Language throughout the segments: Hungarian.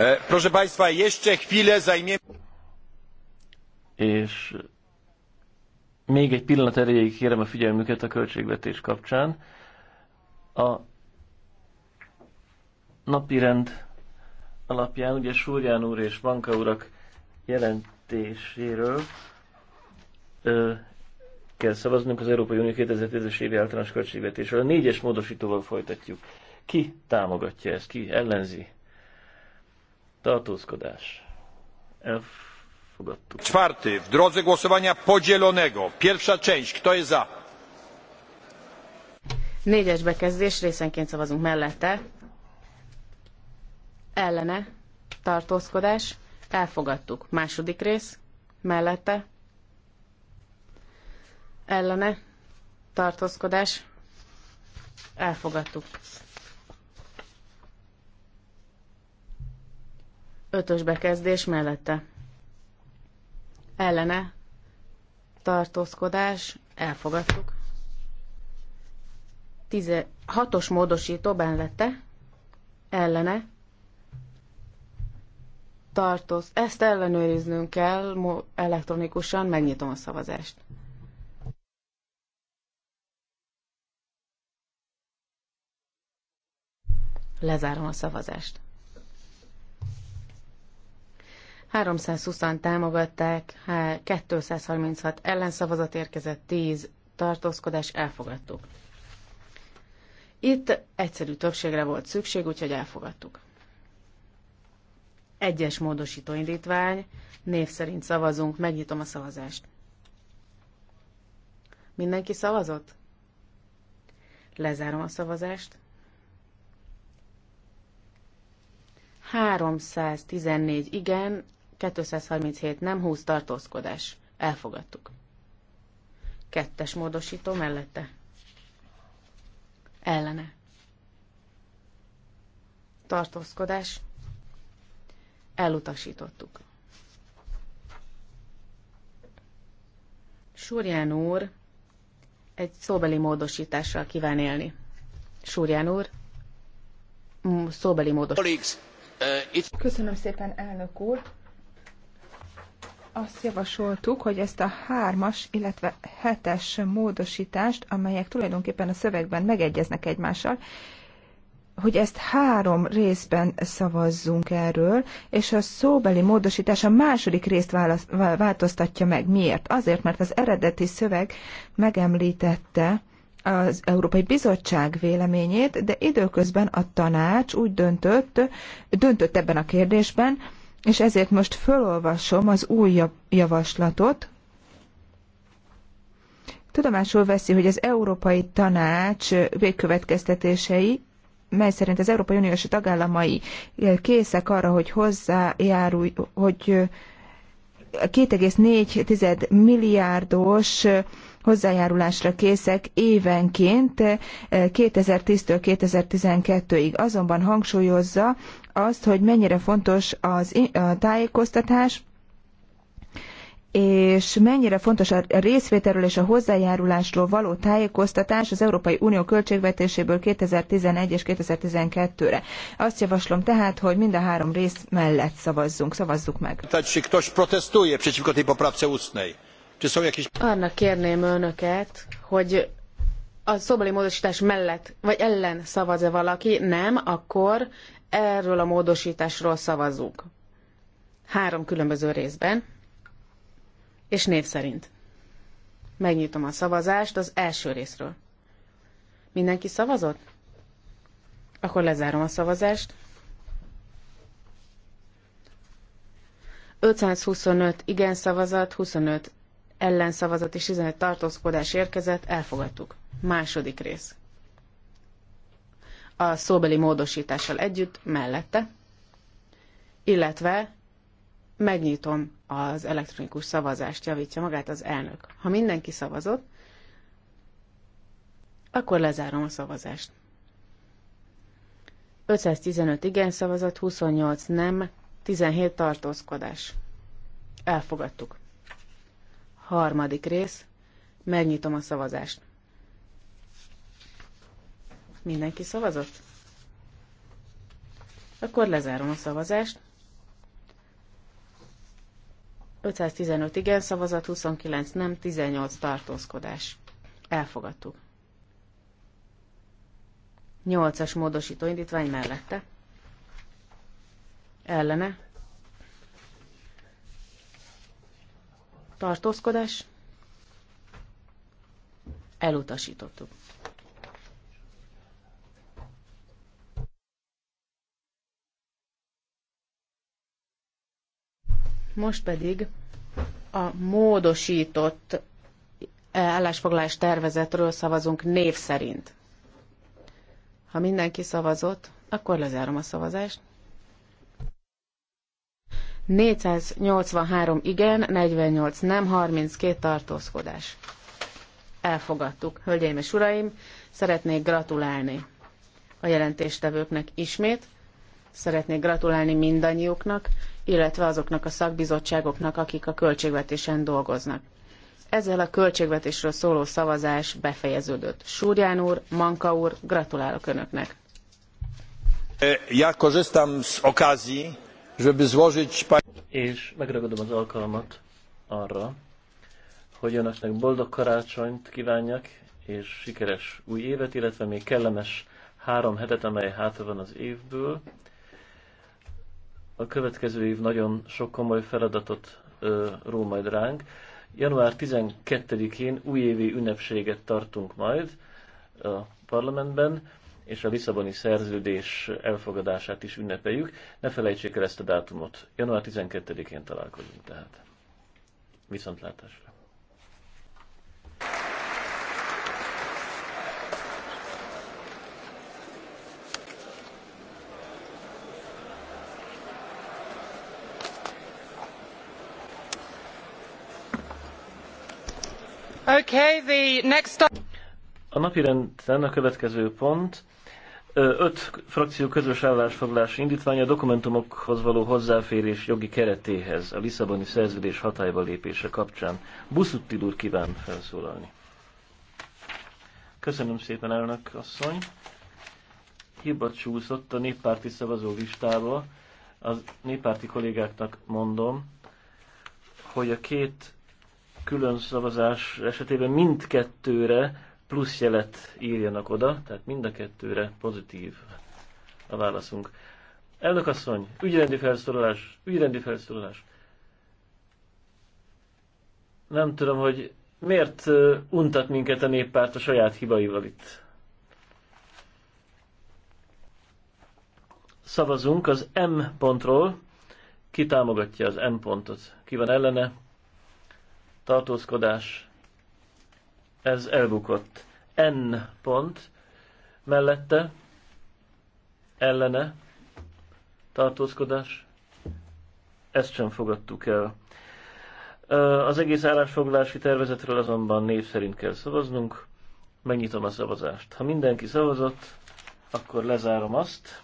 E, proszę Państwa, jeszcze chwilę És még egy pillanat erejéig kérem a figyelmüket a költségvetés kapcsán. A napirend alapján, ugye Súrján úr és Banka urak jelentéséről ö, kell szavaznunk az Európai Unió 2010-es évi általános költségvetésről. A négyes módosítóval folytatjuk. Ki támogatja ezt? Ki ellenzi? Tartózkodás. Elfogadtuk. Czwarty. W drodze głosowania podzielonego. Pierwsza część. Kto jest za? Négyes bekezdés, részenként szavazunk mellette. Ellene. Tartózkodás. Elfogadtuk. Második rész. Mellette. Ellene. Tartózkodás. Elfogadtuk. Ötös bekezdés mellette. Ellene. Tartózkodás. Elfogadtuk. Tize, hatos módosító mellette. Ellene. Tartoz. Ezt ellenőriznünk kell elektronikusan. Megnyitom a szavazást. Lezárom a szavazást. 320-an támogatták, 236 ellenszavazat érkezett, 10 tartózkodás elfogadtuk. Itt egyszerű többségre volt szükség, úgyhogy elfogadtuk. Egyes módosító indítvány, név szerint szavazunk, megnyitom a szavazást. Mindenki szavazott? Lezárom a szavazást. 314 igen, 237 nem, 20 tartózkodás. Elfogadtuk. Kettes módosító mellette. Ellene. Tartózkodás. Elutasítottuk. Súrján úr egy szóbeli módosítással kíván élni. Súrján úr, szóbeli módosítás. Uh, Köszönöm szépen, elnök úr azt javasoltuk, hogy ezt a hármas, illetve hetes módosítást, amelyek tulajdonképpen a szövegben megegyeznek egymással, hogy ezt három részben szavazzunk erről, és a szóbeli módosítás a második részt választ, változtatja meg. Miért? Azért, mert az eredeti szöveg megemlítette az Európai Bizottság véleményét, de időközben a tanács úgy döntött, döntött ebben a kérdésben, és ezért most fölolvasom az új javaslatot. Tudomásul veszi, hogy az Európai Tanács végkövetkeztetései mely szerint az Európai Uniós tagállamai készek arra, hogy hozzájárulj, hogy 2,4 milliárdos hozzájárulásra készek évenként 2010-től eh, 2012-ig. Azonban hangsúlyozza azt, hogy mennyire fontos az, a tájékoztatás, és mennyire fontos a részvételről és a hozzájárulásról való tájékoztatás az Európai Unió költségvetéséből 2011 és 2012-re. Azt javaslom tehát, hogy mind a három rész mellett szavazzunk, szavazzuk meg. Tehát ktoś protestuje przeciwko poprawce arra kérném önöket, hogy a szobali módosítás mellett vagy ellen szavaz-e valaki, nem, akkor erről a módosításról szavazunk. Három különböző részben, és név szerint. Megnyitom a szavazást az első részről. Mindenki szavazott? Akkor lezárom a szavazást. 525 igen szavazat, 25 ellenszavazat és 15 tartózkodás érkezett, elfogadtuk. Második rész. A szóbeli módosítással együtt, mellette, illetve megnyitom az elektronikus szavazást, javítja magát az elnök. Ha mindenki szavazott, akkor lezárom a szavazást. 515 igen szavazat, 28 nem, 17 tartózkodás. Elfogadtuk. Harmadik rész. Megnyitom a szavazást. Mindenki szavazott? Akkor lezárom a szavazást. 515 igen szavazat, 29 nem, 18 tartózkodás. Elfogadtuk. 8-as módosító indítvány mellette. Ellene. tartózkodás, elutasítottuk. Most pedig a módosított eh, állásfoglalás tervezetről szavazunk név szerint. Ha mindenki szavazott, akkor lezárom a szavazást. 483 igen, 48 nem, 32 tartózkodás. Elfogadtuk. Hölgyeim és uraim, szeretnék gratulálni a jelentéstevőknek ismét. Szeretnék gratulálni mindannyiuknak, illetve azoknak a szakbizottságoknak, akik a költségvetésen dolgoznak. Ezzel a költségvetésről szóló szavazás befejeződött. Súrján úr, Manka úr, gratulálok Önöknek! Ja korzystam z okazji, żeby złożyć... És megragadom az alkalmat arra, hogy önöknek boldog karácsonyt kívánjak, és sikeres új évet, illetve még kellemes három hetet, amely hátra van az évből. A következő év nagyon sok komoly feladatot ö, ró majd ránk. Január 12-én újévi ünnepséget tartunk majd a parlamentben és a Lisszaboni szerződés elfogadását is ünnepeljük. Ne felejtsék el ezt a dátumot. Január 12-én találkozunk tehát. Viszontlátásra! Okay, the next napirenden a következő pont, öt frakció közös állásfoglalás indítványa a dokumentumokhoz való hozzáférés jogi keretéhez a Lisszaboni szerződés hatályba lépése kapcsán. Buszutti úr kíván felszólalni. Köszönöm szépen, elnök asszony. Hiba csúszott a néppárti szavazó listába. A néppárti kollégáknak mondom, hogy a két külön szavazás esetében mindkettőre plusz jelet írjanak oda, tehát mind a kettőre pozitív a válaszunk. Elnök asszony, ügyrendi felszólalás, ügyrendi felszólalás. Nem tudom, hogy miért untat minket a néppárt a saját hibaival itt. Szavazunk az M pontról. Ki támogatja az M pontot? Ki van ellene? Tartózkodás, ez elbukott. N pont mellette ellene tartózkodás, ezt sem fogadtuk el. Az egész állásfoglalási tervezetről azonban név szerint kell szavaznunk. Megnyitom a szavazást. Ha mindenki szavazott, akkor lezárom azt,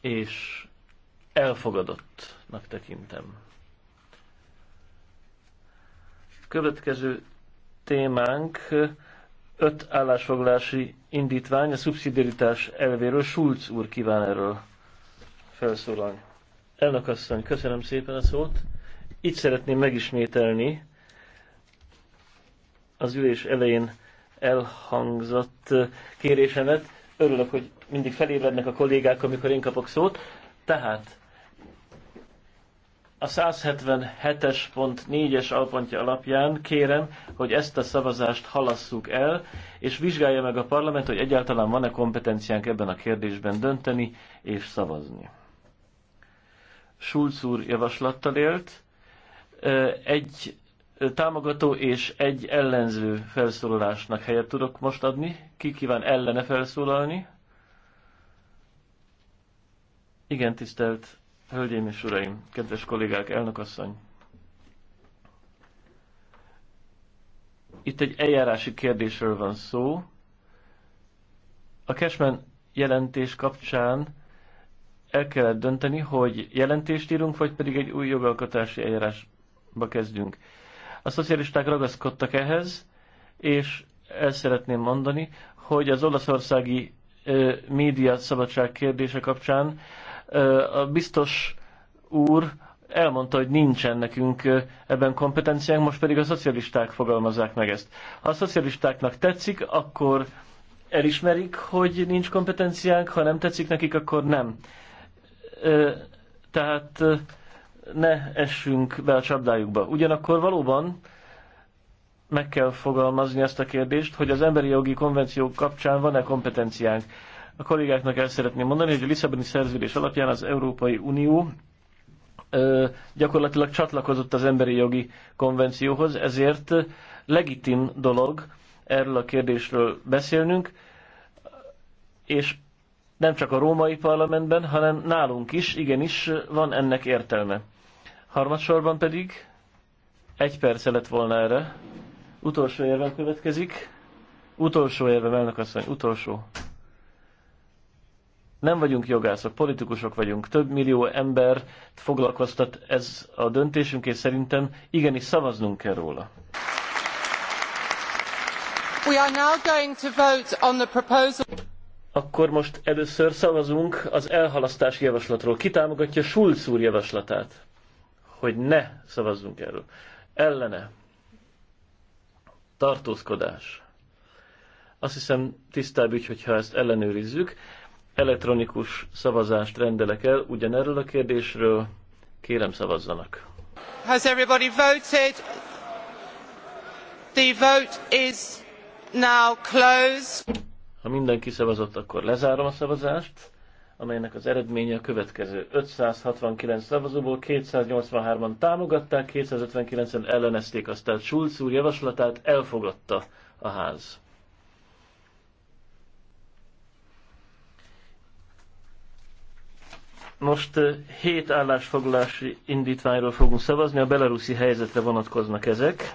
és elfogadottnak tekintem. Következő témánk öt állásfoglási indítvány a szubszidiaritás elvéről. Schulz úr kíván erről felszólalni. Elnök asszony, köszönöm szépen a szót. Itt szeretném megismételni az ülés elején elhangzott kérésemet. Örülök, hogy mindig felébrednek a kollégák, amikor én kapok szót. Tehát a 177-es pont 4-es alpontja alapján kérem, hogy ezt a szavazást halasszuk el, és vizsgálja meg a parlament, hogy egyáltalán van-e kompetenciánk ebben a kérdésben dönteni és szavazni. Schulz úr javaslattal élt, egy támogató és egy ellenző felszólalásnak helyet tudok most adni. Ki kíván ellene felszólalni? Igen, tisztelt Hölgyeim és Uraim, kedves kollégák, elnökasszony! Itt egy eljárási kérdésről van szó. A Cashman jelentés kapcsán el kellett dönteni, hogy jelentést írunk, vagy pedig egy új jogalkotási eljárásba kezdünk. A szocialisták ragaszkodtak ehhez, és el szeretném mondani, hogy az olaszországi média szabadság kérdése kapcsán a biztos úr elmondta, hogy nincsen nekünk ebben kompetenciánk, most pedig a szocialisták fogalmazzák meg ezt. Ha a szocialistáknak tetszik, akkor elismerik, hogy nincs kompetenciánk, ha nem tetszik nekik, akkor nem. Tehát ne essünk be a csapdájukba. Ugyanakkor valóban meg kell fogalmazni ezt a kérdést, hogy az emberi jogi konvenciók kapcsán van-e kompetenciánk a kollégáknak el szeretném mondani, hogy a Lisszaboni szerződés alapján az Európai Unió gyakorlatilag csatlakozott az emberi jogi konvencióhoz, ezért legitim dolog erről a kérdésről beszélnünk, és nem csak a római parlamentben, hanem nálunk is, igenis van ennek értelme. Harmadsorban pedig egy perc lett volna erre. Utolsó érvem következik. Utolsó érvem, elnök asszony, utolsó. Nem vagyunk jogászok, politikusok vagyunk. Több millió ember foglalkoztat ez a döntésünk, és szerintem igenis szavaznunk kell róla. We are now going to vote on the proposal. Akkor most először szavazunk az elhalasztási javaslatról. Ki támogatja Schulz úr javaslatát, hogy ne szavazzunk erről? Ellene. Tartózkodás. Azt hiszem tisztább ügy, hogyha ezt ellenőrizzük. Elektronikus szavazást rendelek el ugyanerről a kérdésről. Kérem szavazzanak. Has everybody voted? The vote is now closed. Ha mindenki szavazott, akkor lezárom a szavazást, amelynek az eredménye a következő. 569 szavazóból 283-an támogatták, 259-en ellenezték, aztán Schulz úr javaslatát elfogadta a ház. Most hét állásfoglalási indítványról fogunk szavazni, a belaruszi helyzetre vonatkoznak ezek.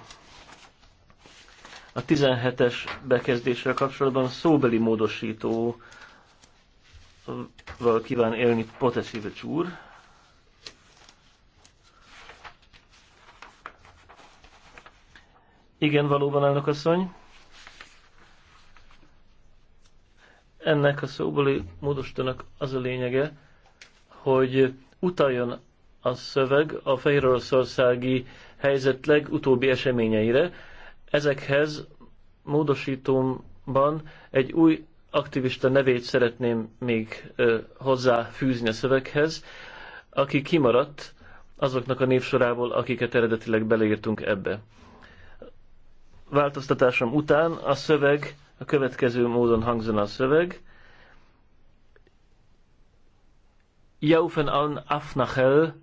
A 17-es bekezdéssel kapcsolatban szóbeli módosítóval kíván élni Poteszivecs úr. Igen, valóban elnök asszony. Ennek a szóbeli módosítónak az a lényege, hogy utaljon a szöveg a fehéroroszországi helyzet legutóbbi eseményeire. Ezekhez módosítomban egy új aktivista nevét szeretném még hozzáfűzni a szöveghez, aki kimaradt azoknak a névsorából, akiket eredetileg beleírtunk ebbe. Változtatásom után a szöveg, a következő módon hangzana a szöveg, Jaufen an Afnachel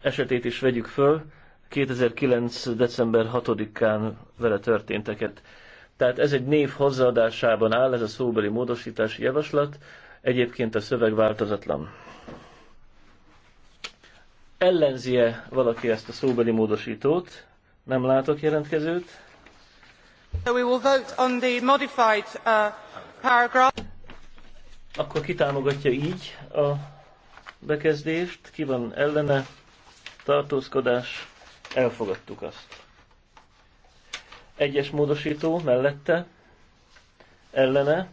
esetét is vegyük föl, 2009. december 6-án vele történteket. Tehát ez egy név hozzáadásában áll, ez a szóbeli módosítási javaslat, egyébként a szöveg változatlan. Ellenzie valaki ezt a szóbeli módosítót? Nem látok jelentkezőt. So we will vote on the modified, uh, paragraph. Akkor kitámogatja így a bekezdést, ki van ellene, tartózkodás, elfogadtuk azt. Egyes módosító mellette, ellene,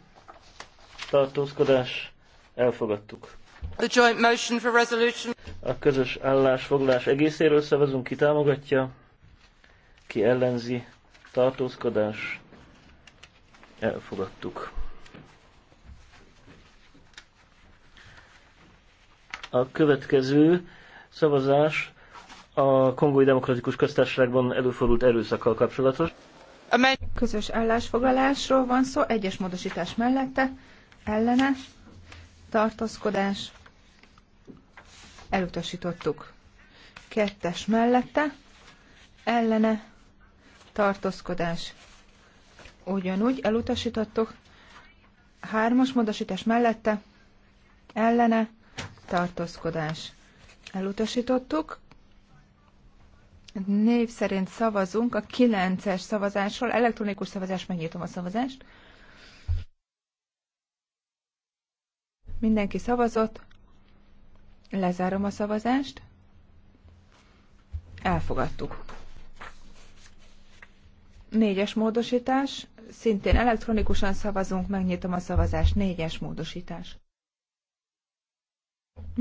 tartózkodás, elfogadtuk. The joint motion for resolution. A közös állásfoglalás egészéről szavazunk, ki támogatja, ki ellenzi, tartózkodás, elfogadtuk. A következő szavazás a Kongói Demokratikus Köztársaságban előfordult erőszakkal kapcsolatos. Közös állásfoglalásról van szó, egyes módosítás mellette, ellene, tartózkodás, elutasítottuk. Kettes mellette, ellene, tartózkodás, ugyanúgy elutasítottuk. Hármas módosítás mellette, ellene, tartózkodás. Elutasítottuk. Név szerint szavazunk a 9-es szavazásról. Elektronikus szavazás, megnyitom a szavazást. Mindenki szavazott. Lezárom a szavazást. Elfogadtuk. Négyes módosítás. Szintén elektronikusan szavazunk, megnyitom a szavazást. Négyes módosítás.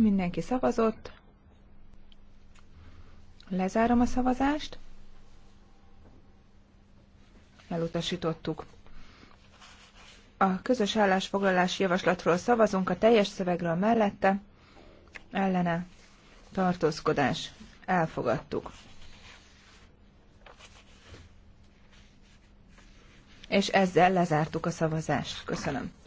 Mindenki szavazott. Lezárom a szavazást. Elutasítottuk. A közös állásfoglalási javaslatról szavazunk, a teljes szövegről mellette, ellene, tartózkodás, elfogadtuk. És ezzel lezártuk a szavazást. Köszönöm.